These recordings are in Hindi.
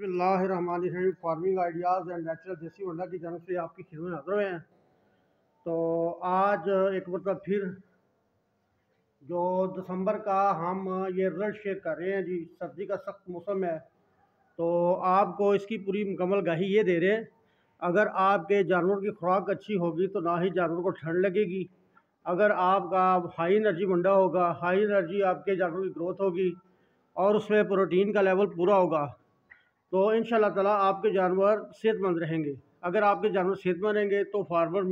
बसमिल्लाम फार्मिंग आइडियाज़ एंड नेचुरल देसी वंडा की जानव से आपकी खिदम हाजिर हुए हैं तो आज एक मतलब फिर जो दिसंबर का हम ये रिजल्ट शेयर कर रहे हैं जी सर्दी का सख्त मौसम है तो आपको इसकी पूरी मुकम्मल गाही ये दे रहे हैं अगर आपके जानवर की खुराक अच्छी होगी तो ना ही जानवर को ठंड लगेगी अगर आपका हाई एनर्जी वंडा होगा हाई एनर्जी आपके जानवर की ग्रोथ होगी और उसमें प्रोटीन का लेवल पूरा होगा तो इन ताला आपके जानवर सेहतमंद रहेंगे अगर आपके जानवर सेहतमंद रहेंगे तो फार्मर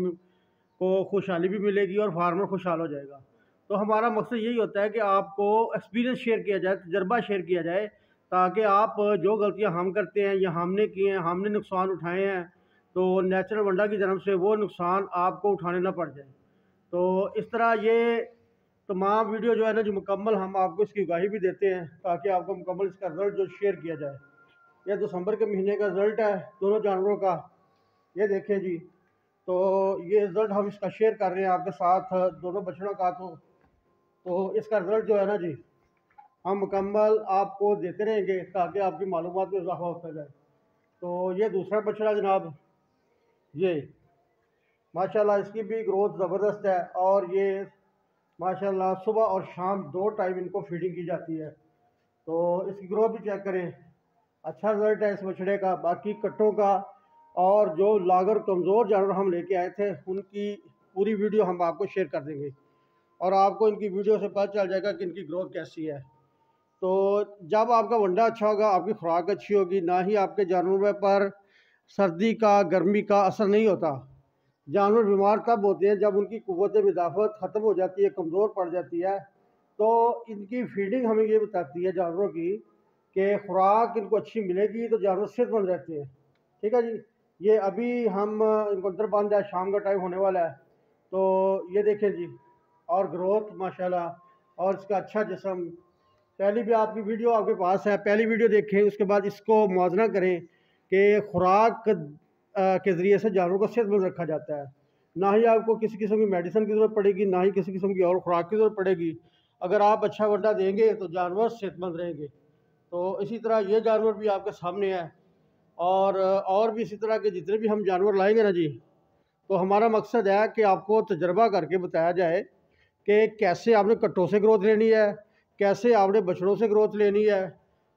को खुशहाली भी मिलेगी और फार्मर खुशहाल हो जाएगा तो हमारा मकसद यही होता है कि आपको एक्सपीरियंस शेयर किया जाए तजर्बा शेयर किया जाए ताकि आप जो गलतियां हम करते हैं या हमने किए हैं हमने नुकसान उठाए हैं तो नेचुरल वंडा की जन्म से वो नुकसान आपको उठाने ना पड़ जाए तो इस तरह ये तमाम वीडियो जो है ना जो मुकम्मल हम आपको इसकी गाही भी देते हैं ताकि आपको मुकम्मल इसका रिजल्ट जो शेयर किया जाए ये दिसंबर के महीने का रिजल्ट है दोनों जानवरों का ये देखें जी तो ये रिज़ल्ट हम इसका शेयर कर रहे हैं आपके साथ दोनों बछड़ों का तो तो इसका रिज़ल्ट जो है ना जी हम मुकम्मल आपको देते रहेंगे ताकि आपकी मालूम में इजाफा होता जाए तो ये दूसरा बछड़ा जनाब ये माशाल्लाह इसकी भी ग्रोथ ज़बरदस्त है और ये माशाल्लाह सुबह और शाम दो टाइम इनको फीडिंग की जाती है तो इसकी ग्रोथ भी चेक करें अच्छा रिजल्ट है इस बछड़े का बाकी कट्टों का और जो लागर कमज़ोर जानवर हम लेके आए थे उनकी पूरी वीडियो हम आपको शेयर कर देंगे और आपको इनकी वीडियो से पता चल जाएगा कि इनकी ग्रोथ कैसी है तो जब आपका वंडा अच्छा होगा आपकी खुराक अच्छी होगी ना ही आपके जानवरों पर सर्दी का गर्मी का असर नहीं होता जानवर बीमार तब होते हैं जब उनकी कुत मदाफत ख़त्म हो जाती है कमज़ोर पड़ जाती है तो इनकी फीडिंग हमें ये बताती है जानवरों की कि खुराक इनको अच्छी मिलेगी तो जानवर सेहतमंद रहते हैं ठीक है जी ये अभी हम इनको अंदर बांध है शाम का टाइम होने वाला है तो ये देखें जी और ग्रोथ माशाल्लाह और इसका अच्छा जिसम पहली भी आपकी वीडियो आपके पास है पहली वीडियो देखें उसके बाद इसको मुआजना करें कि खुराक के ज़रिए से जानवरों को सेहतमंद रखा जाता है ना ही आपको किसी किस्म की मेडिसिन की ज़रूरत पड़ेगी ना ही किसी किस्म की और खुराक की ज़रूरत पड़ेगी अगर आप अच्छा वड्डा देंगे तो जानवर सेहतमंद रहेंगे तो इसी तरह ये जानवर भी आपके सामने है और और भी इसी तरह के जितने भी हम जानवर लाएंगे ना जी तो हमारा मकसद है कि आपको तजर्बा करके बताया जाए कि कैसे आपने कट्टों से ग्रोथ लेनी है कैसे आपने बछड़ों से ग्रोथ लेनी है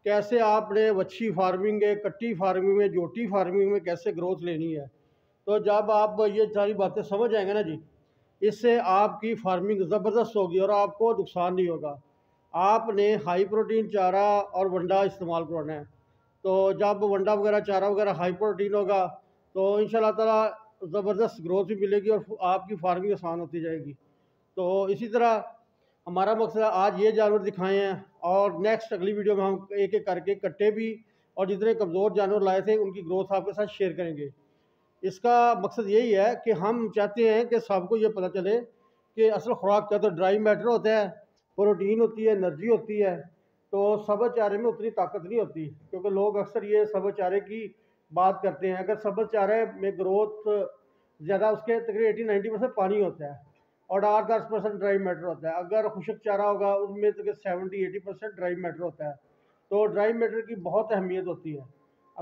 कैसे आपने वच्छी फार्मिंग है कट्टी फार्मिंग में जोटी फार्मिंग में कैसे ग्रोथ लेनी है तो जब आप ये सारी बातें समझ आएंगे ना जी इससे आपकी फार्मिंग ज़बरदस्त होगी और आपको नुकसान नहीं होगा आपने हाई प्रोटीन चारा और वंडा इस्तेमाल करवाना है तो जब वंडा वगैरह चारा वगैरह हाई प्रोटीन होगा तो इन शाह ज़बरदस्त ग्रोथ भी मिलेगी और आपकी फार्मिंग आसान होती जाएगी तो इसी तरह हमारा मकसद आज ये जानवर दिखाए हैं और नेक्स्ट अगली वीडियो में हम एक एक करके कट्टे भी और जितने कमज़ोर जानवर लाए थे उनकी ग्रोथ आपके साथ शेयर करेंगे इसका मकसद यही है कि हम चाहते हैं कि सबको ये पता चले कि असल खुराक क्या तो ड्राई मैटर होता है प्रोटीन होती है एनर्जी होती है तो सबज चारे में उतनी ताकत नहीं होती क्योंकि लोग अक्सर ये सबज चारे की बात करते हैं अगर सबज चारे में ग्रोथ ज़्यादा उसके तकरीबन एटी नाइन्टी परसेंट पानी होता है और आठ दस परसेंट ड्राई मैटर होता है अगर खुशक चारा होगा उसमें तक seventy eighty percent dry matter होता है तो ड्राई मैटर की बहुत अहमियत होती है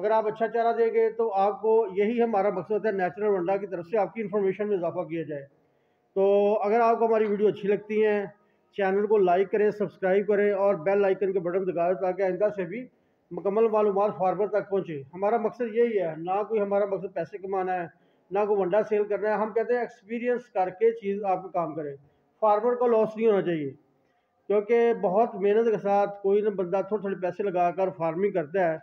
अगर आप अच्छा चारा देंगे तो आपको यही हमारा मकसद होता है नेचुरल वंडा की तरफ से आपकी इन्फॉर्मेशन में इजाफा किया जाए तो अगर आपको हमारी वीडियो अच्छी लगती हैं चैनल को लाइक करें सब्सक्राइब करें और बेल आइकन के बटन दबा ताकि आइंदा से भी मुकम्मल मालूम फार्मर तक पहुँचे हमारा मकसद यही है ना कोई हमारा मकसद पैसे कमाना है ना कोई वंडा सेल करना है हम कहते हैं एक्सपीरियंस करके चीज़ आपको काम करें फार्मर को लॉस नहीं होना चाहिए क्योंकि बहुत मेहनत के साथ कोई ना बंदा थोड़े थोड़े पैसे लगा कर फार्मिंग करता है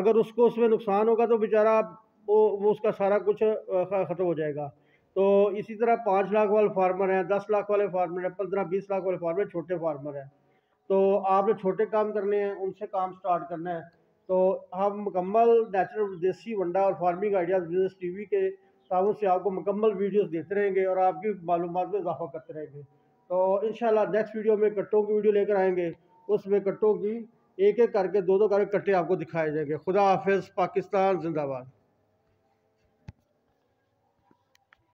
अगर उसको उसमें नुकसान होगा तो बेचारा वो, वो उसका सारा कुछ ख़त्म हो जाएगा तो इसी तरह पाँच लाख वाले फार्मर हैं दस लाख वाले फार्मर हैं पंद्रह बीस लाख वाले फार्मर छोटे फार्मर हैं तो आपने छोटे काम करने हैं उनसे काम स्टार्ट करना है तो हम मुकम्मल नेचुरल देसी वंडा और फार्मिंग आइडियाज़ बिजनेस टीवी के ताउन से आपको मुकम्मल वीडियोस देते रहेंगे और आपकी मालूम में इजाफा करते रहेंगे तो इन नेक्स्ट वीडियो में कट्टों की वीडियो लेकर आएंगे उसमें कट्टों की एक एक करके दो दो करके कट्टे आपको दिखाए जाएंगे खुदा हाफिज़ पाकिस्तान जिंदाबाद